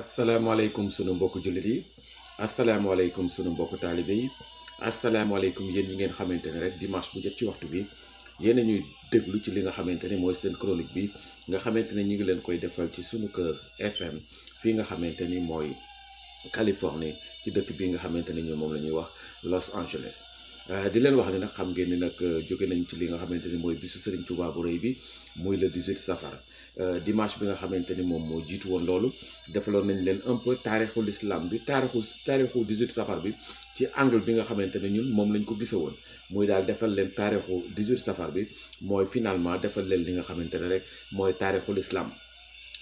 asalaamaaleykum sunu mbokku jullit yi asalaamaaleykum sunu mbokku taalibe yi asalaamaaleykum yéen ngeen xamante ne rek dimanche bu jot ci waxtu bi yéen a ñuy déglu ci li nga xamante ne mooy seen chronique bi nga xamante ne ñu ngi leen koy defal ci sunu kër FM fii nga xamante ni mooy Californie ci dëkk bi nga xamante ne ñoom moom la ñuy wax Los Angeles. Euh, di leen wax ne nag xam ngeen ni nag euh, jóge nañ ci li nga xamante ni mooy bisu Serigne Touba bu rëy bi muy le 18 safar. Euh, dimanche bi nga xamante ni moom moo jiitu woon loolu defaloon nañ leen un peu taarixu l'islam bi taarixu taarixu 18 safar bi ci angle bi nga xamante ne ñun moom lañ ko gise woon muy daal defal leen taarixu 18 safar bi mooy finalement defal leen li nga xamante ne rek mooy taarixu l'islam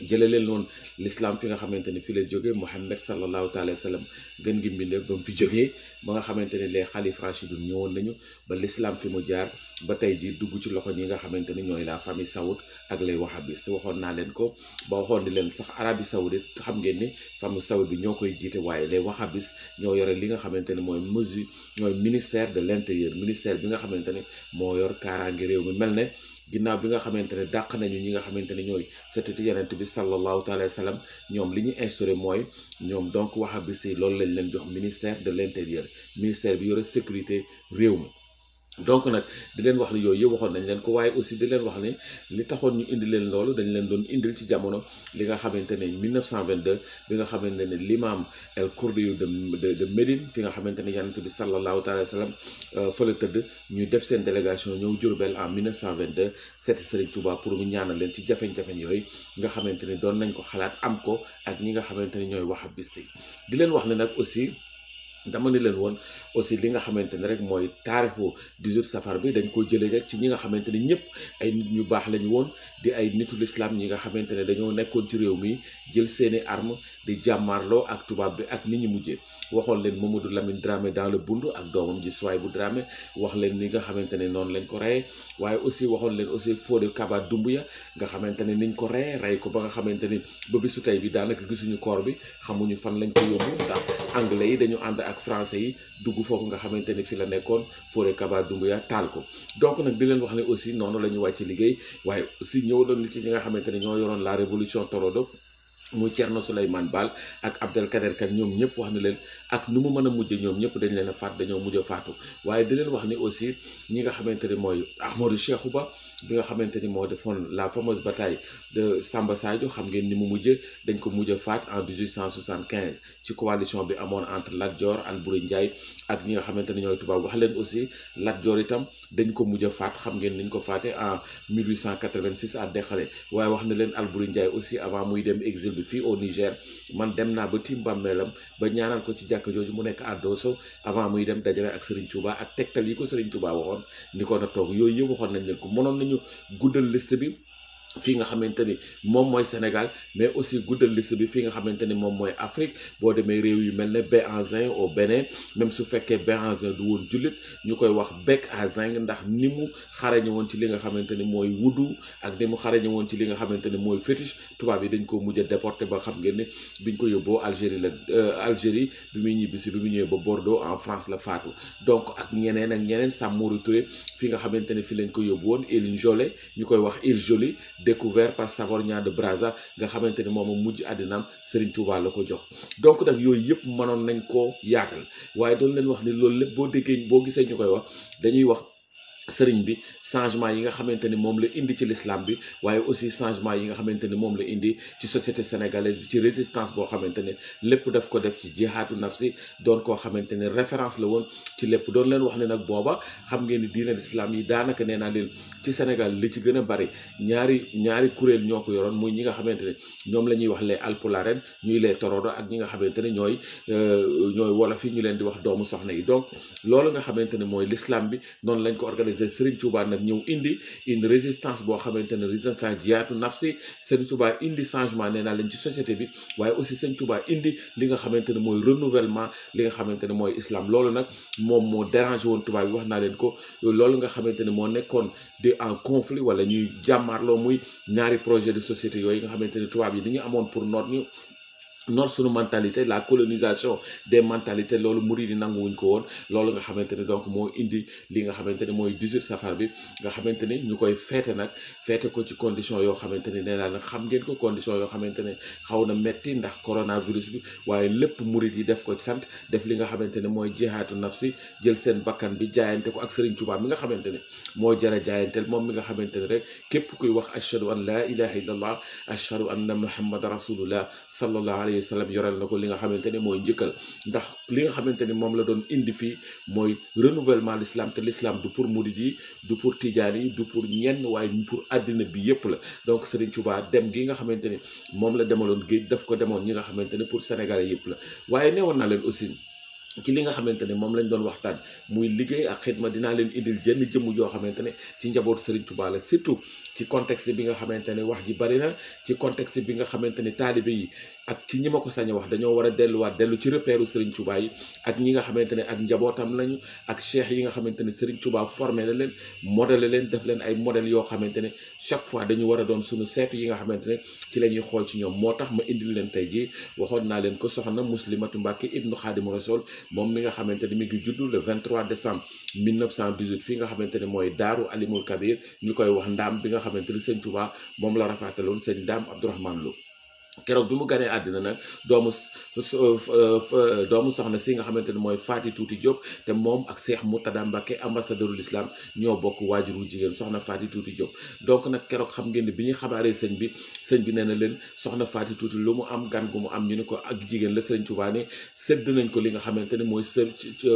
jële leen noonu l'islam fi nga xamante ne fi la jógee mohammed sallallahu taala wa sallam gën gi mbinde ba fi jógee ba nga xamante ne les xalif rachidun ñëwoon nañu ba l'islam fi mu jaar ba tey ji dugg ci loxo ñi nga xamante ne ñooy la famille saoud ak les wahhabistes waxoon naa leen ko ba waxoon di leen sax Arabie saoudite xam ngeen ni famille saoud bi ñoo koy jiite waaye les wahhabistes ñoo yore li nga xamante ne mooy mesure ñooy ministère de l'intérieur ministère bi nga xamante ne moo yor kaaraange réew mi mel ne ginnaaw bi nga xamante ne dàq nañu ñi nga xamante ne ñooy sëtati yonent bi sallallahu taala wa sallam ñoom li ñu instauré mooy ñoom donc wahabiste yi loolu lañ leen jox ministère de l' intérieur ministère bi yore sécurité réew mi donc nag di leen wax ne yooyu yëpp waxoon nañ leen ko waaye aussi di leen wax ne li taxoon ñu indi leen loolu dañ leen doon indil ci jamono li nga xamante ne 1922 bi nga xamante ne l'imam El Kourdi de de de Médine fi nga xamante ni yonent bi sallallahu taala wa sallam euh, fa la tëdd ñuy def seen délégation ñëw Diourbel en 1922 seeti Serigne Touba pour mu ñaanal leen ci jafeñ-jafeñ yooyu nga xamante ne doon nañ ko xalaat am ko ak ñi nga xamante ni ñooy wahabiste di leen wax ne nag aussi. dama ne leen woon aussi li nga xamante ne rek mooy taarixu 18 safar bi dañ ko jëlee rek ci ñi nga xamante ne ñëpp ay nit ñu baax lañu woon di ay nitu lislaam ñi nga xamante ne dañoo nekkoon ci réew mi jël seeni arm di jàmmaarloo ak tubaab bi ak ni ñu mujjee waxoon leen moom Mamadou Lamine Dramé daal le Bundu ak doomam ji bu Dramé wax leen ni nga xamante ne noonu lañ ko reyee waaye aussi waxoon leen aussi Fodé Kaba ya nga xamante ne niñ ko reyee rey ko ba nga xamante ni ba tey bi daanaka gisuñu koor bi xamuñu fan lañ ko yóbbu anglais yi dañu ànd ak français yi dugg foofu nga xamante ni fi la nekkoon Fodé Kaba Doumbouya taal ko donc nag di leen wax ne aussi noonu la ñu wàcc liggéey waaye aussi ñëw doon ci ñi nga xamante ne ñoo yoroon la révolution torodo muy Thierno Souleymane Baal ak Abdelkader Kan ñoom ñëpp wax na leen ak nu mu mën a mujje ñoom ñëpp dañ leen a faat dañoo mujj a waaye di leen wax ni aussi ñi nga xamante ne mooy Ahmadou Cheikhou Ba bi nga xamante ni moo defoon la fameuse bataille de Samba Sadio xam ngeen ni mu mujjee dañ ko mujj a faat en 1875 ci coalition bi amoon entre Lat Dior Alboury Ndiaye ak ñi nga xamante ni ñooy tubaab wax leen aussi Lat Dior itam dañ ko mujj a faat xam ngeen niñ ko faate en 1886 à Dexale waaye wax na leen Alboury Ndiaye aussi avant muy dem exil bi fii au Niger man dem naa ba tiim bàmmeelam ba ñaanal ko ci jàkka jooju mu nekk à Dosso avant muy dem dajale ak Serigne Touba ak ko Serigne Touba waxoon ni ko na toog yooyu yëpp nañ ñu guddal liste bi fi nga xamanteni mom moy Sénégal mais aussi goudal liste bi fi nga xamanteni mom moy Afrique bo demee réew yu mel ne Béhanzin au Bénin même su féké Béhanzin du woon jullit ñu koy wax Bécazin ndax nimu mu xarañe ci li nga xamanteni moy mooy wudu ak ni mu xarañe ci li nga xamanteni moy fétiche tuba bi dañ ko mujj déporter ba xam ngeen ni biñ ko yobbo Algérie la euh, Algérie bi muy ñibbisi bi mu ñëwee ba Bordeaux en France la fatou donc ak ñeneen ak ñeneen Samourou Touré fi nga xamanteni fi lañ ko yobbo won Eline Jolé ñukoy wax il Jolie découvert par Sagornia de Brazza nga xamante ni moom mujj àddinaam Serigne Touba la ko jox donc nag yooyu yëpp mënoon nañ koo yaatal waaye doon leen wax ni loolu lépp boo déggee boo gisee ñu koy wax dañuy wax sëriñ bi changement yi nga xamante ni moom la indi ci l'islam bi waaye aussi changement yi nga xamante ni moom la indi ci société sénégalaise bi ci résistance boo xamante ne lépp daf ko def ci jihaatu nafsi doon koo xamante ne référence la woon ci lépp doon leen wax ne nag booba xam ngeen ni diine l'islam yi daanaka nee naa leen ci Sénégal li ci gën a bari ñaari ñaari kuréel ñoo ko yoroon muy ñi nga xamante ne ñoom la ñuy wax les alpulaaren ñuy les torodo ak ñi nga xamante ne ñooy euh, ñooy wolof yi ñu leen di wax doomu soxna yi donc loolu xamante ne mooy l'islam bi noonu lañ ko organiser the Serigne Touba nak indi une résistance bo xamante résistance jiyaatu nafsi Serigne Touba indi changement and I ci société bi aussi Serigne Touba indi li nga moy renouvellement li nga islam loolu nak mom mo dérangé woon Touba bi wax na len ko loolu nga ne de en conflit wala ñuy the muy ñaari projet de société nga ni pour noor suñu mentalité la colonisation des mentalités loolu murid yi nangu wuñ ko woon loolu nga xamante donc moo indi li nga xamante moy 18 safar bi nga xamante ñukoy fété nak fété ko ci condition yo xamante ni nee xam ngeen ko condition yo xamante xawna metti ndax coronavirus bi waye lepp murid yi def ko sante def li nga xamante moy jihadu nafsi jël sen bakkan bi jaayante ko ak Serigne Touba mi nga xamante moy jara jaayanteel mom mi nga xamante rek képp kuy wax ashhadu an la ilaha illallah ashhadu anna muhammad rasulullah sallallahu alayhi alayhi salaam yoreel na ko li nga xamante ne mooy njëkkal ndax li nga xamante ne moom la doon indi fii mooy renouvellement l'islam te l'islam du pour murid yi du pour tijaan yi du pour ñenn waaye pour àddina bi yépp la donc Serigne Touba dem gi nga xamante ni moom la demaloon géej daf ko demoon ñi nga xamante ne pour sénégalais yépp la waaye neewoon naa leen aussi ci li nga xamante ne moom lañ doon waxtaan muy liggéey ak xidma dinaa leen indil jenn jëmm joo xamante ne ci njaboot Serigne Touba la surtout ci contexte bi nga xamante ne wax ji bari na ci contexte bi nga xamante ni taalibe yi ak ci ñi ma ko sañ wax dañoo war a delluwaat dellu ci repéru Serigne Touba yi ak ñi nga xamante ne ak njabootam lañu ak cheikh yi nga xamante ne Serigne Touba formé na leen modèle leen def leen ay modèle yoo xamante ne chaque fois dañu war a doon suñu seetu yi nga xamante ne ci la ñuy xool ci ñoom moo tax ma indi leen tey jii waxoon naa leen ko soxna Muslimatu Mbàkke ibnu Xaadimu Rasul moom mi nga xamante ne mi ngi juddu le 23 décembre 1918 fi nga xamante ne mooy Daaru Alimul Kabir koy wax ndaam nga xamante ni sëñ Touba moom la rafaataloon sëñ Daam Abdourahmane Lo keroog bi mu ganee àddina nag doomu doomu soxna si nga xamante ne mooy Faati Tuuti Diop te moom ak Cheikh Moutada Mbacké ambassadeur l'islam ñoo bokk waajur wu jigéen soxna Faati Tuuti Diop donc nag keroog xam ngeen ne bi ñu xabaaree sëñ bi sëñ bi nee na leen soxna Faati Tuuti lu mu am gan mu am ñu ne ko ak jigéen la sëñ Tuubaa ne sedd ko li nga xamante ne mooy sër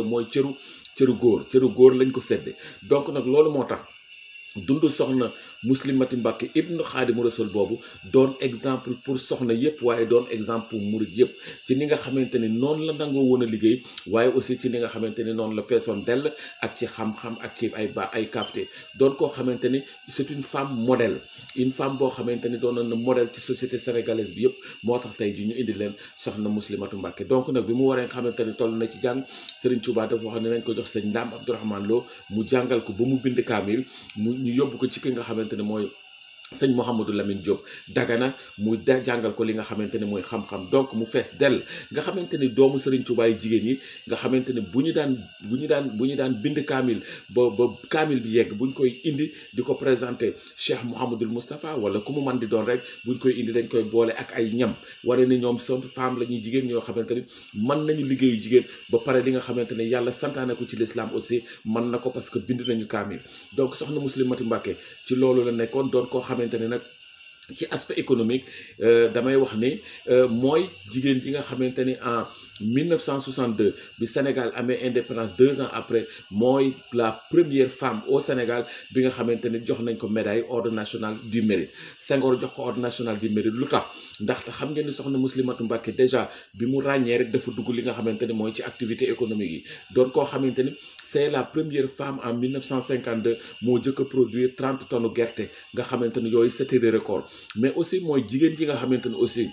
mooy cëru cëru góor cëru góor lañ ko sedde loolu moo tax dund soxna muslimati mbàkke ibnu xaadimu rasul boobu doon exemple pour soxna yëpp waaye doon exemple pour murit yëpp ci ni nga xamante ni noonu la nangoo woon a liggéey waaye aussi ci ni nga xamante ni noonu la feesoon dell ak ci xam-xam ak ci ay ba ay doon koo xamante ni c'est une femme modèle une femme boo xamante ni doon na modèle ci société sénégalaise bi yëpp moo tax tey ji ñu indi leen soxna muslimatu mbàkke donc nag bi mu waree nga xamante ni toll na ci jàng Serigne Touba dafa wax ne nañ ko jox sëñ Ndaam Abdourahmane Lo ko ba mu bind kaamil mu ñu yóbbu ko ci ki nga 都没有。sëñ Mouhamadou Lamine Diop Dagana mu da jàngal ko li nga xamante ne mooy xam-xam donc mu fees dell nga xamante ni doomu Serigne Touba yi jigéen yi nga xamante ne bu ñu daan bu ñu daan bu ñu daan bind kaamil ba ba kaamil bi yegg bu ñu koy indi di ko présenter Cheikh Mouhamadul Moustapha wala ku mu man di doon rek bu ñu koy indi dañ koy boole ak ay ñam waree ni ñoom sont femme la ñuy jigéen ñoo xamante ni mën nañu liggéeyu jigéen ba pare li nga xamante ne yàlla santaane ko ci l'islam aussi mën na ko parce que bind nañu kaamil donc soxna Muslimati xamante ne nag ci aspect économique euh, damay wax ne euh, moy jigen gi nga xamanteni en 1962 bi Sénégal amé indépendance deux ans après moy la première femme au Sénégal bi nga xamanteni jox nañ ko médaille ordre national du mérite Senghor jox ko ordre national du mérite lu tax xam ngeen ni soxna Muslimatu déjà bi mu ràññee rek dafa dugg li nga xamanteni moy ci activité économique yi doon ko xamanteni c'est la première femme en 1952 mo jëkk a produire 30 tonnes gerte nga xamanteni yoy c'était des records mais aussi mooy jigéen ji nga xamante ne aussi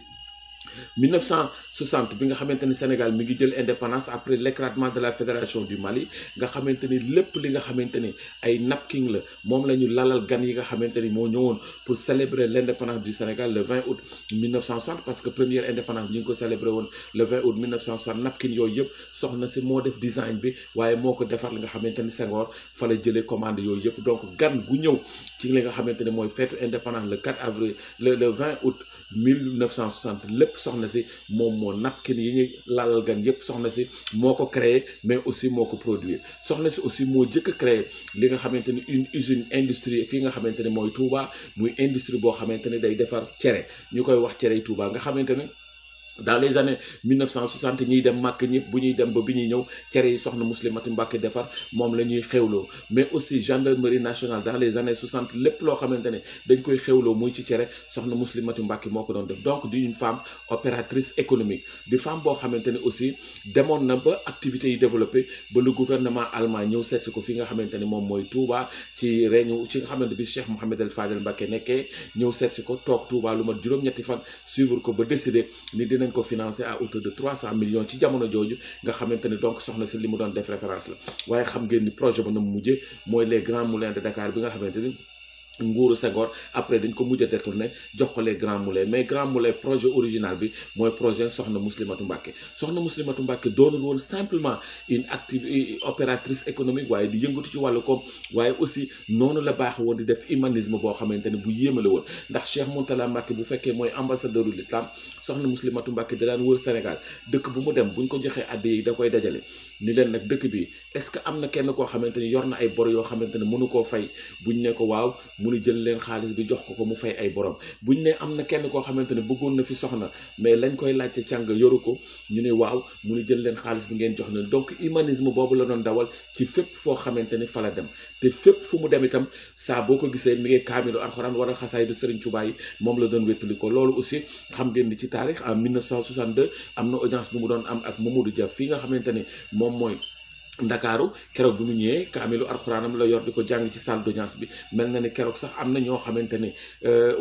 1960 bi nga xamanteni Sénégal mi ngi jël indépendance après l'éclatement de la fédération du Mali nga xamanteni lepp li nga xamanteni ay napkin la mom lañu lalal gan yi nga xamanteni mo ñëwoon pour célébrer l'indépendance du Sénégal le 20 août 1960 parce que première indépendance ñu nous ko célébrer woon le 20 août 1960 napkin yooyu yëpp soxna ci mo def design bi waye moko défar li nga xamanteni Sénégal fa la jëlé commande donc gan gu ñëw ci li nga xamanteni moy fête indépendance le 4 avril le 20 août 1960 lepp soxna si moom moo napkin yi ñu lalal gan yëpp soxna si moo ko créé mais aussi moo ko produire soxna si aussi moo jëkk a créé li nga xamante ni une usine industrie fii nga xamante ne mooy Touba muy industrie boo xamante ne day defar cere ñu koy wax cere Touba nga xamante ne dans les années 1960 ñi dem mak ñëpp bu ñuy dem ba bi ñew ciéré yi soxna muslimati Mbàkke defar moom la ñuy mais aussi gendarmerie nationale dans les années 60 lepp lo xamante dañ koy xewloo muy ci ciéré soxna muslimati Mbàkke moo ko doon def donc d'une une femme opératrice économique di femme bo xamante aussi démon na ba activités yi développer ba le gouvernement allemand ñew seet ko fi nga xamante mom moy Touba ci réñu ci nga xamante bi Cheikh Mouhamed El Fadel Mbàkke nekkee ñew seet ko tok Touba lu mat juróom-ñetti fan suivre ko ba décider ni dinañ cofinancé ko à hauteur de 300 millions ci jamono jooju nga xamanteni donc soxna si limu mu doon def référence la waaye xam ngeen ni projet ba na mu moy les grands moulins de Dakar bi nga xamanteni nguru Senghor après dañ ko mujj détourné jox ko les Grands Moulins mais Grands Moulins projet original bi moy projet Soxna Muslimatu Mbàkke Soxna Muslimatu Mbàkke doonul woon simplement une active opératrice économique waaye di yëngatu ci wàllu koom waaye aussi noonu la baax won di def humanisme bo xamante bu yéemale woon ndax Cheikh Mourtala Mbàkke bu fekkee moy ambassadeur de l'islam Soxna Muslimatu Mbàkke da daan wër Sénégal dëkk bu mu dem buñ ko joxé adde yi koy dajalé ni leen nag dëkk bi est am na kenn koo xamante ni yor na ay bor yoo xamante ne mënu koo fay buñ ne ko waaw mu ni jël leen xaalis bi jox ko ko mu fay ay borom buñ ne am na kenn koo xamante ne bëggoon na fi soxna mais lañ koy laajte càng yoru ko ñu ne waaw mu ni jël leen ngeen jox na donc humanisme boobu la doon dawal foo xamante ni fa la dem te fépp fu mu boo ko gisee mi ngi kaamilu alxuraan wala xasaay du Serigne Touba yi moom la doon wéttali xam ngeen ni am na audience bu mu doon am ak Mamadou Dia fii nga xamante ni moom ọmọ ẹ̀ ndakaaru keroog bi mu ñëwee kaamilu alxuraanam la yor di ko jàng ci salle d'audience bi mel na ni keroog sax am na ñoo xamante ni euh,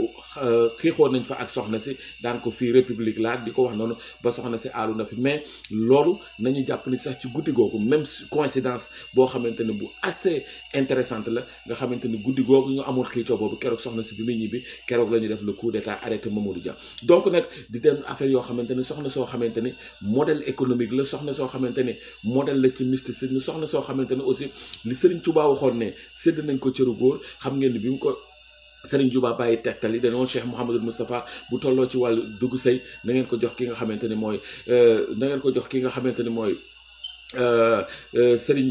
xiixoon nañ fa ak soxna si daan ko fii république laa di ko wax noonu ba soxna si aalu na fi mais loolu nañu jàpp ni sax ci guddi googu même coïncidence boo xamante ne bu assez intéressante la nga xamante ni guddi googu ñu amoon xiicoo boobu keroog soxna si bi muy keroog la ñu def le coup d'état arrêté Mamadou Dia donc nag di affaire yoo xamante ni soxna soo xamante ni modèle économique la soxna soo xamante ni modèle la ci mystique sëriñ soxna soo xamante ne aussi li sëriñ Tuubaa waxoon ne sédd nañ ko cëru góor xam ngeen ni bi mu ko Sëriñ Juba bàyyi tegtal yi dañoo Cheikh Mouhamadul Moustapha bu tolloo ci wàllu dugg sëy na ngeen ko jox ki nga xamante ni mooy euh, na ngeen ko jox ki nga xamante ni mooy euh, euh, sëriñ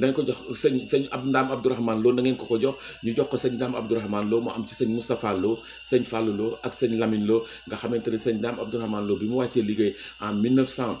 dañ ko jox sëñ sëñ ab ndaam abdourahman loo na ngeen ko ko jox ñu jox ko sëñ ndaam abdourahman loo mu am ci sëñ moustapha loo sëñ fàllu loo ak sëñ lamine loo nga xamante ni sëñ ndaam abdourahman loo bi mu wàccee liggéey en 1900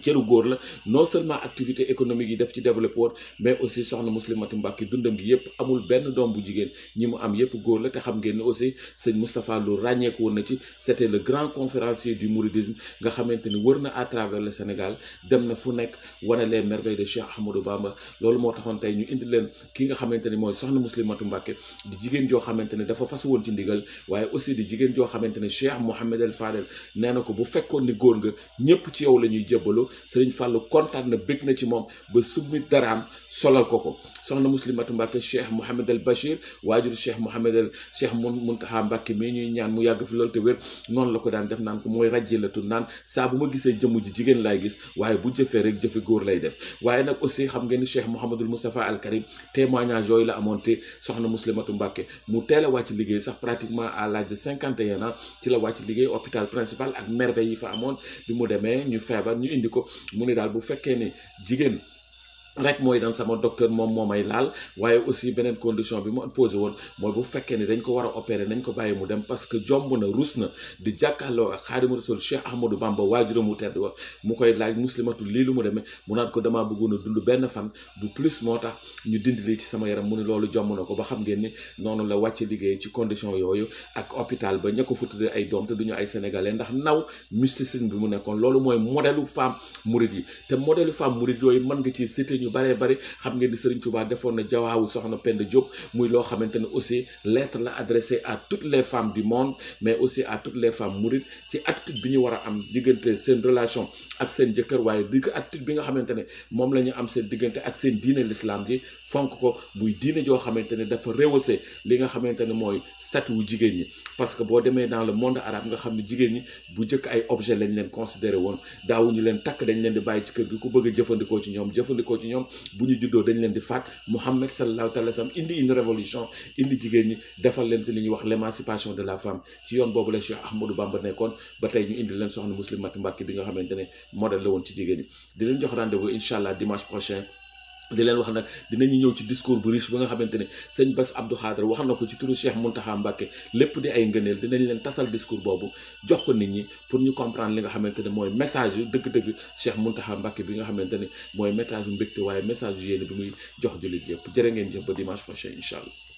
cëru goor la non seulement activité économique yi def ci développé mais aussi soxna Muslimatu Mbàkke dundam gi yépp amul benn doom bu jigéen ñi mu am yépp goor la té xam ngeen aussi seigne Moustapha lu ko won na ci c'était le grand conférencier du mouridisme nga xamante ni wër na à travers le Sénégal dem na fu nekk wane les merveilles de Cheikh Ahmadou Bamba loolu moo taxoon tey ñu indi leen ki nga xamante ni mooy soxna Muslimatu Mbàkke di jigéen joo xamante dafa fas woon ci ndigal waaye aussi di jigéen joo xamante Cheikh Mohamed El Fadel nee na ko bu fekkoon ni góor nga ñëpp ci yow la ñuy jébbalu Fallou Serigne Fallou kontaan na bég na ci moom ba summi daraam solal ko ko soxna muslimatu Mbacke Cheikh Mouhamed El Bachir waajur Cheikh Mouhamed El Cheikh Mountakha Mbacke mii ñuy ñaan mu yàgg fi loolu te wér noonu la ko daan def naan ko mooy ràjje la tudd naan saa bu ma gisee jëmm ji jigéen laay gis waaye bu jëfee rek jëfe góor lay def waaye nag aussi xam ngeen ni Cheikh Mouhamadul Moustapha Al Karim témoignage yooyu la amoon te soxna muslimatu Mbacke mu teel a wàcc liggéey sax pratiquement à l'âge de cinquante et un ans ci la wàcc liggéey hôpital principal ak merveille yi fa amoon bi mu demee ñu feebar ñu indi ko mu ni daal bu fekkee ne jigéen rek mooy daan sama docteur moom moo may laal waaye aussi beneen condition bi mu posé woon mooy bu fekkee ni dañ ko war a opérer nañ mu dem parce lu mu demee mu ko damaa bëggoon a dund benn fan bu plus moo condition yooyu ak hôpital ba ña ko fa tuddee ay doom te duñu ay sénégalais ndax naw bi mu nekkoon loolu mooy modèlu femme mouride yi te modèlu femme mouride yooyu mën nga ci cité yu baree bari xam ngeen ni Serigne Touba defoon na jawaawu soxna Penda Diop muy loo xamante ne aussi lettre la adressée à toutes les femmes du monde mais aussi à toutes les femmes mourides ci attitude bi seen relation ak seen jëkkër waaye digg attitude bi nga xamante ne moom la ñu am seen diggante ak seen diine l'islam ji fonk ko muy diine joo xamante ne dafa rehaussé li nga xamante ne mooy statut wu jigéen ñi parce que boo demee dans le monde arabe nga xam ne jigéen ñi bu jëkk ay objet lañ leen considéré woon daawuñu leen takk dañ leen di bàyyi ñoom bu ñu juddoo dañ leen di faat Muhammad sallallahu alayhi wa sallam indi une révolution indi jigéen ñi defal leen si li ñuy wax l'émancipation de la femme ci yoon boobu la Cheikh Ahmadou Bamba nekkoon ba tey ñu indi leen soxna Muslimatu Mbàkke bi nga xamante ne modèle la woon ci jigéen ñi di leen jox rendez-vous incha allah dimanche prochain di leen wax nag dinañu ñëw ci discours bu riche ba nga xamante ne sëñ Bass Abdou Khadre wax na ko ci turu Cheikh Mountakha Mbacké lépp di ay ngëneel dinañ leen tasal discours boobu jox ko nit ñi pour ñu comprendre li nga xamante ne mooy message yu dëgg-dëgg Cheikh Mountakha Mbacké bi nga xamante ni mooy message yu mbégte waaye message yu yéene bi muy jox jullit yëpp jërë ngeen jëf ba dimanche prochain incha allah.